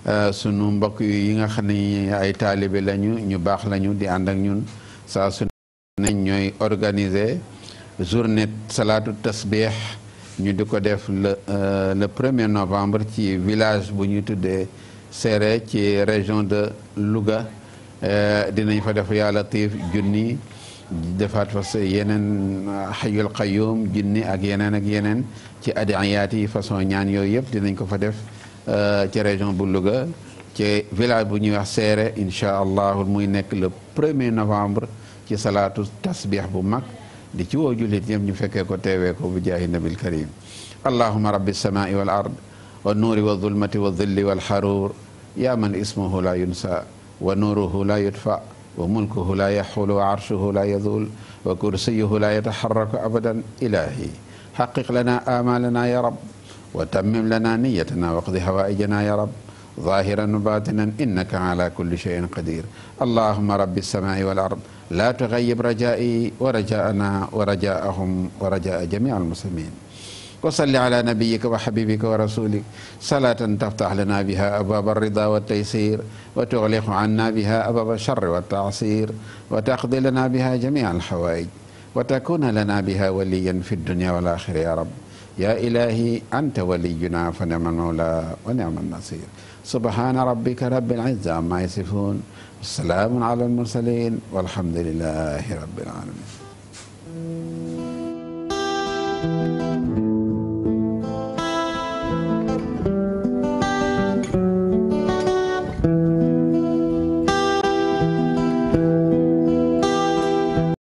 euh, sunu mbokk yi nga xam ne ay taalibe lañu ñu baax lañu di ànd ak ñun saa su nañ ñooy organiser journée salaatu tasbih ñu di ko def le euh, le premier novembre ci village bu ñuy tuddee Séré ci région de Louga euh, dinañ fa def yaa Latif junni defaat fa yeneen xayul euh, qayyum junni ak yeneen ak yeneen ci adiyaat yi façon ñaan yooyu yëpp dinañ ko fa def ci région bu Louga ci village bu ñuy wax Séré incha allah muy nekk le premier novembre. ci salaatu tasbix bu mag di ci woo jullit ñëpp ñu fekkee ko teewee ko bu jaahi nabil karim allahuma rabbi samaai wal ard wa nuuri wa zulmati wa dhilli wal xaruur yaa man ismuhu la yunsa wa nuuruhu la yutfa wa mulkuhu la yaxulu wa arshuhu la yazul wa kursiyuhu la yataxarraku abadan ilahi xaqiq lana amalana ya rab wa tammim lana niyatana waqdi hawaaijana ya rab ظاهرا وباطنا إنك على كل شيء قدير اللهم رب السماء والأرض laa tuxayib rajai wa rajaana wa rajaahum wa rajaa jamii almuslimin wa salli ala nabiyika wa xabibika wa rasulik salaatan taftax lana biha abwaaba alrida wa taysir wa tuxliqu anna biha abwaaba alchar wa taasir wa taqdi lana biha jamii alxawaij wa takuna lana biha waliyan fi dunia wal axira ya rab ya ilahi anta waliyuna fa nicma almawla wa nicma alnasir subhana rabbika rabbil izzati amma yasifun salaamun ala almursalin walhamdulilahi rabbil alamin